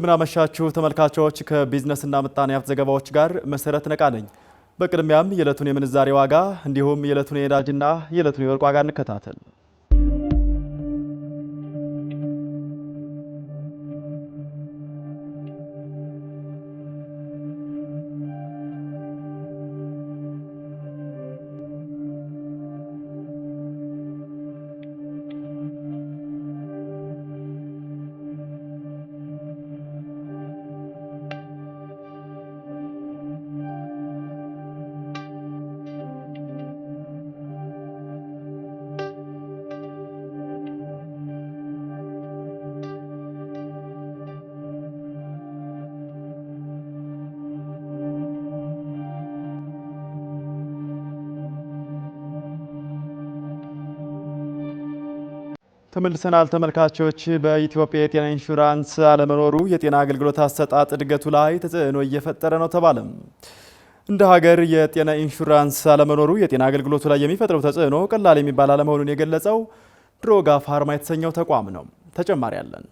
እንደምናመሻችሁ ተመልካቾች፣ ከቢዝነስና ምጣኔ ሀብት ዘገባዎች ጋር መሰረት ነቃ ነኝ። በቅድሚያም የዕለቱን የምንዛሬ ዋጋ እንዲሁም የዕለቱን የነዳጅና የዕለቱን የወርቅ ዋጋ እንከታተል። ተመልሰናል ተመልካቾች። በኢትዮጵያ የጤና ኢንሹራንስ አለመኖሩ የጤና አገልግሎት አሰጣጥ እድገቱ ላይ ተጽዕኖ እየፈጠረ ነው ተባለም። እንደ ሀገር የጤና ኢንሹራንስ አለመኖሩ የጤና አገልግሎቱ ላይ የሚፈጥረው ተጽዕኖ ቀላል የሚባል አለመሆኑን የገለጸው ድሮጋ ፋርማ የተሰኘው ተቋም ነው። ተጨማሪ አለን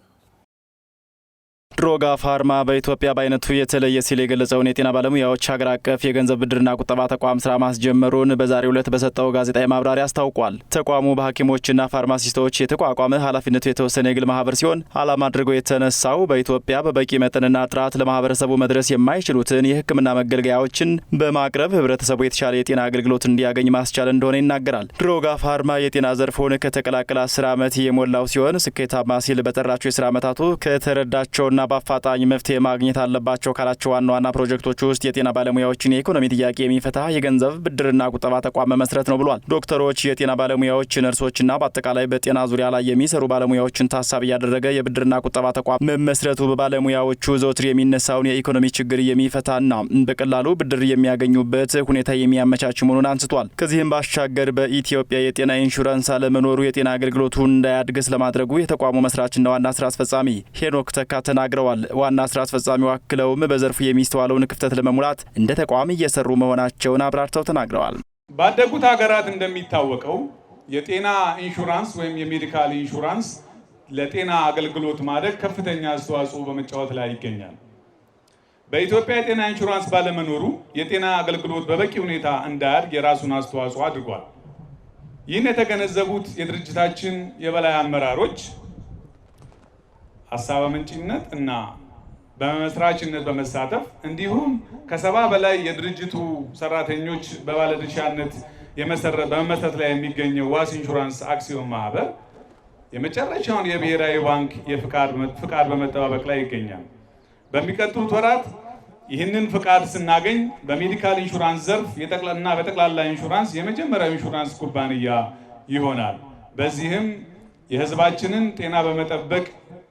ድሮጋ ፋርማ በኢትዮጵያ በአይነቱ የተለየ ሲል የገለጸውን የጤና ባለሙያዎች ሀገር አቀፍ የገንዘብ ብድርና ቁጠባ ተቋም ስራ ማስጀመሩን በዛሬው ዕለት በሰጠው ጋዜጣዊ ማብራሪያ አስታውቋል። ተቋሙ በሐኪሞችና ፋርማሲስቶች የተቋቋመ ኃላፊነቱ የተወሰነ የግል ማህበር ሲሆን ዓላማ አድርገው የተነሳው በኢትዮጵያ በበቂ መጠንና ጥራት ለማህበረሰቡ መድረስ የማይችሉትን የሕክምና መገልገያዎችን በማቅረብ ህብረተሰቡ የተሻለ የጤና አገልግሎት እንዲያገኝ ማስቻል እንደሆነ ይናገራል። ድሮጋ ፋርማ የጤና ዘርፉን ከተቀላቀለ አስር ዓመት የሞላው ሲሆን ስኬታማ ሲል በጠራቸው የስራ ዓመታቱ ከተረዳቸውና በአፋጣኝ መፍትሄ ማግኘት አለባቸው ካላቸው ዋና ዋና ፕሮጀክቶች ውስጥ የጤና ባለሙያዎችን የኢኮኖሚ ጥያቄ የሚፈታ የገንዘብ ብድርና ቁጠባ ተቋም መመስረት ነው ብሏል። ዶክተሮች፣ የጤና ባለሙያዎች፣ ነርሶችና በአጠቃላይ በጤና ዙሪያ ላይ የሚሰሩ ባለሙያዎችን ታሳቢ ያደረገ የብድርና ቁጠባ ተቋም መመስረቱ በባለሙያዎቹ ዘውትር የሚነሳውን የኢኮኖሚ ችግር የሚፈታና በቀላሉ ብድር የሚያገኙበት ሁኔታ የሚያመቻች መሆኑን አንስቷል። ከዚህም ባሻገር በኢትዮጵያ የጤና ኢንሹራንስ አለመኖሩ የጤና አገልግሎቱ እንዳያድግስ ለማድረጉ የተቋሙ መስራችና ዋና ስራ አስፈጻሚ ሄኖክ ተካ ተናግረዋል። ዋና ስራ አስፈጻሚው አክለውም በዘርፉ የሚስተዋለውን ክፍተት ለመሙላት እንደ ተቋም እየሰሩ መሆናቸውን አብራርተው ተናግረዋል። ባደጉት ሀገራት እንደሚታወቀው የጤና ኢንሹራንስ ወይም የሜዲካል ኢንሹራንስ ለጤና አገልግሎት ማደግ ከፍተኛ አስተዋጽኦ በመጫወት ላይ ይገኛል። በኢትዮጵያ የጤና ኢንሹራንስ ባለመኖሩ የጤና አገልግሎት በበቂ ሁኔታ እንዳያድግ የራሱን አስተዋጽኦ አድርጓል። ይህን የተገነዘቡት የድርጅታችን የበላይ አመራሮች ሀሳብ አመንጭነት እና በመስራችነት በመሳተፍ እንዲሁም ከሰባ በላይ የድርጅቱ ሰራተኞች በባለድርሻነት በመመስረት ላይ የሚገኘው ዋስ ኢንሹራንስ አክሲዮን ማህበር የመጨረሻውን የብሔራዊ ባንክ ፍቃድ በመጠባበቅ ላይ ይገኛል። በሚቀጥሉት ወራት ይህንን ፍቃድ ስናገኝ በሜዲካል ኢንሹራንስ ዘርፍ እና በጠቅላላ ኢንሹራንስ የመጀመሪያው ኢንሹራንስ ኩባንያ ይሆናል። በዚህም የህዝባችንን ጤና በመጠበቅ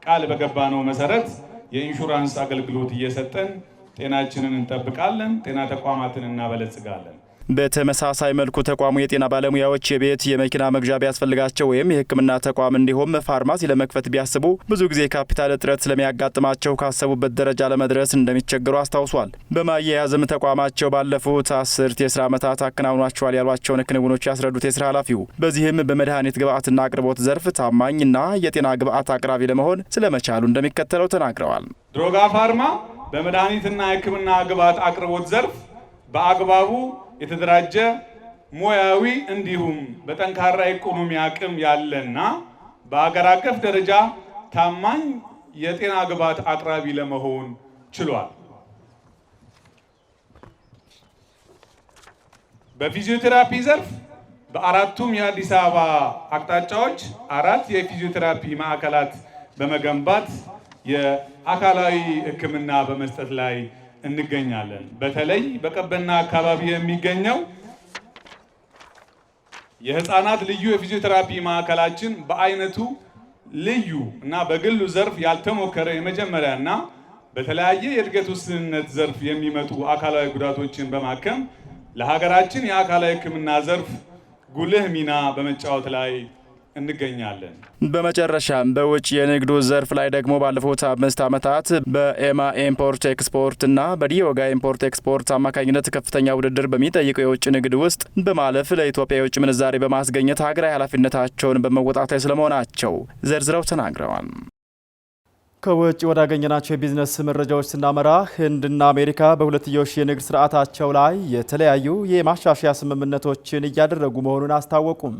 ቃል በገባነው መሰረት የኢንሹራንስ አገልግሎት እየሰጠን ጤናችንን እንጠብቃለን፣ ጤና ተቋማትን እናበለጽጋለን። በተመሳሳይ መልኩ ተቋሙ የጤና ባለሙያዎች የቤት የመኪና መግዣ ቢያስፈልጋቸው ወይም የሕክምና ተቋም እንዲሁም ፋርማሲ ለመክፈት ቢያስቡ ብዙ ጊዜ ካፒታል እጥረት ስለሚያጋጥማቸው ካሰቡበት ደረጃ ለመድረስ እንደሚቸገሩ አስታውሷል። በማያያዝም ተቋማቸው ባለፉት አስርት የስራ ዓመታት አከናውኗቸዋል ያሏቸውን ክንውኖች ያስረዱት የስራ ኃላፊው በዚህም በመድኃኒት ግብአትና አቅርቦት ዘርፍ ታማኝና የጤና ግብአት አቅራቢ ለመሆን ስለመቻሉ እንደሚከተለው ተናግረዋል። ድሮጋ ፋርማ በመድኃኒትና የሕክምና ግብአት አቅርቦት ዘርፍ በአግባቡ የተደራጀ ሙያዊ እንዲሁም በጠንካራ ኢኮኖሚ አቅም ያለና በአገር አቀፍ ደረጃ ታማኝ የጤና ግብዓት አቅራቢ ለመሆን ችሏል። በፊዚዮቴራፒ ዘርፍ በአራቱም የአዲስ አበባ አቅጣጫዎች አራት የፊዚዮቴራፒ ማዕከላት በመገንባት የአካላዊ ሕክምና በመስጠት ላይ እንገኛለን። በተለይ በቀበና አካባቢ የሚገኘው የህፃናት ልዩ የፊዚዮቴራፒ ማዕከላችን በአይነቱ ልዩ እና በግሉ ዘርፍ ያልተሞከረ የመጀመሪያ እና በተለያየ የእድገት ውስንነት ዘርፍ የሚመጡ አካላዊ ጉዳቶችን በማከም ለሀገራችን የአካላዊ ሕክምና ዘርፍ ጉልህ ሚና በመጫወት ላይ እንገኛለን። በመጨረሻ በውጭ የንግዱ ዘርፍ ላይ ደግሞ ባለፉት አምስት ዓመታት በኤማ ኢምፖርት ኤክስፖርት እና በዲዮጋ ኢምፖርት ኤክስፖርት አማካኝነት ከፍተኛ ውድድር በሚጠይቀው የውጭ ንግድ ውስጥ በማለፍ ለኢትዮጵያ የውጭ ምንዛሬ በማስገኘት ሀገራዊ ኃላፊነታቸውን በመወጣት ላይ ስለመሆናቸው ዘርዝረው ተናግረዋል። ከውጭ ወዳገኘናቸው የቢዝነስ መረጃዎች ስናመራ ህንድና አሜሪካ በሁለትዮሽ የንግድ ስርዓታቸው ላይ የተለያዩ የማሻሻያ ስምምነቶችን እያደረጉ መሆኑን አስታወቁም።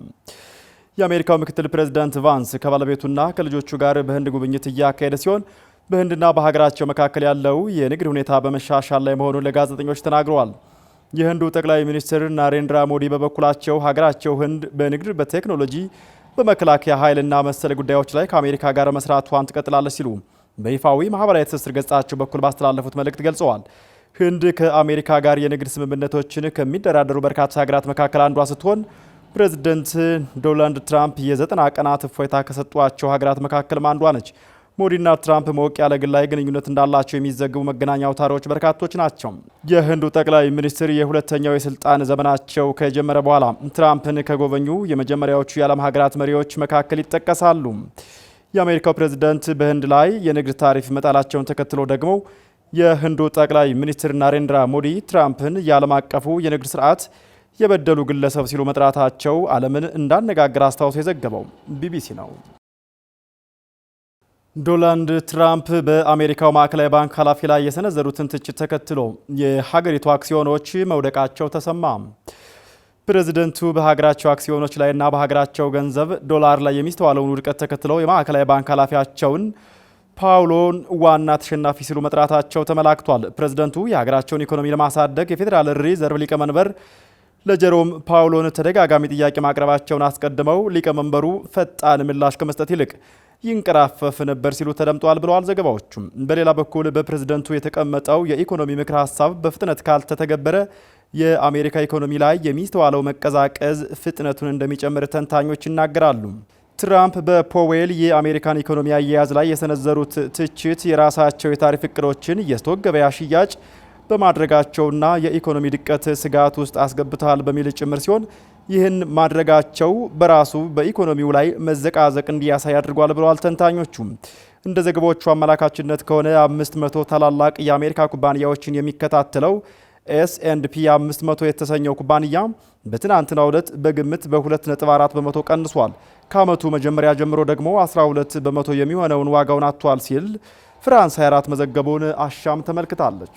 የአሜሪካው ምክትል ፕሬዝዳንት ቫንስ ከባለቤቱና ከልጆቹ ጋር በህንድ ጉብኝት እያካሄደ ሲሆን በህንድና በሀገራቸው መካከል ያለው የንግድ ሁኔታ በመሻሻል ላይ መሆኑን ለጋዜጠኞች ተናግረዋል። የህንዱ ጠቅላይ ሚኒስትር ናሬንድራ ሞዲ በበኩላቸው ሀገራቸው ህንድ በንግድ፣ በቴክኖሎጂ፣ በመከላከያ ኃይልና መሰል ጉዳዮች ላይ ከአሜሪካ ጋር መስራቷን ትቀጥላለች ሲሉ በይፋዊ ማህበራዊ ትስስር ገጻቸው በኩል ባስተላለፉት መልእክት ገልጸዋል። ህንድ ከአሜሪካ ጋር የንግድ ስምምነቶችን ከሚደራደሩ በርካታ ሀገራት መካከል አንዷ ስትሆን ፕሬዝደንት ዶናልድ ትራምፕ የዘጠና ቀናት እፎይታ ከሰጧቸው ሀገራት መካከል አንዷ ነች። ሞዲና ትራምፕ ሞቅ ያለ ግላዊ ግንኙነት እንዳላቸው የሚዘግቡ መገናኛ አውታሮች በርካቶች ናቸው። የህንዱ ጠቅላይ ሚኒስትር የሁለተኛው የስልጣን ዘመናቸው ከጀመረ በኋላ ትራምፕን ከጎበኙ የመጀመሪያዎቹ የዓለም ሀገራት መሪዎች መካከል ይጠቀሳሉ። የአሜሪካው ፕሬዝዳንት በህንድ ላይ የንግድ ታሪፍ መጣላቸውን ተከትሎ ደግሞ የህንዱ ጠቅላይ ሚኒስትር ናሬንድራ ሞዲ ትራምፕን የዓለም አቀፉ የንግድ ስርዓት የበደሉ ግለሰብ ሲሉ መጥራታቸው ዓለምን እንዳነጋገር አስታውሶ የዘገበው ቢቢሲ ነው። ዶናልድ ትራምፕ በአሜሪካው ማዕከላዊ ባንክ ኃላፊ ላይ የሰነዘሩትን ትችት ተከትሎ የሀገሪቱ አክሲዮኖች መውደቃቸው ተሰማ። ፕሬዚደንቱ በሀገራቸው አክሲዮኖች ላይና በሀገራቸው ገንዘብ ዶላር ላይ የሚስተዋለውን ውድቀት ተከትለው የማዕከላዊ ባንክ ኃላፊያቸውን ፓውሎን ዋና ተሸናፊ ሲሉ መጥራታቸው ተመላክቷል። ፕሬዚደንቱ የሀገራቸውን ኢኮኖሚ ለማሳደግ የፌዴራል ሪዘርቭ ሊቀመንበር ለጀሮም ፓውሎን ተደጋጋሚ ጥያቄ ማቅረባቸውን አስቀድመው ሊቀመንበሩ ፈጣን ምላሽ ከመስጠት ይልቅ ይንቀራፈፍ ነበር ሲሉ ተደምጧል ብለዋል ዘገባዎቹም። በሌላ በኩል በፕሬዝደንቱ የተቀመጠው የኢኮኖሚ ምክር ሀሳብ በፍጥነት ካልተተገበረ የአሜሪካ ኢኮኖሚ ላይ የሚስተዋለው መቀዛቀዝ ፍጥነቱን እንደሚጨምር ተንታኞች ይናገራሉ። ትራምፕ በፖዌል የአሜሪካን ኢኮኖሚ አያያዝ ላይ የሰነዘሩት ትችት የራሳቸው የታሪፍ እቅዶችን፣ የስቶክ ገበያ ሽያጭ በማድረጋቸውና የኢኮኖሚ ድቀት ስጋት ውስጥ አስገብተዋል በሚል ጭምር ሲሆን ይህን ማድረጋቸው በራሱ በኢኮኖሚው ላይ መዘቃዘቅ እንዲያሳይ አድርጓል ብለዋል ተንታኞቹም። እንደ ዘገባዎቹ አመላካችነት ከሆነ 500 ታላላቅ የአሜሪካ ኩባንያዎችን የሚከታተለው ኤስ ኤንድ ፒ 500 የተሰኘው ኩባንያ በትናንትናው ዕለት በግምት በ2.4 በመቶ ቀንሷል። ከዓመቱ መጀመሪያ ጀምሮ ደግሞ 12 በመቶ የሚሆነውን ዋጋውን አጥቷል ሲል ፍራንስ 24 መዘገቡን አሻም ተመልክታለች።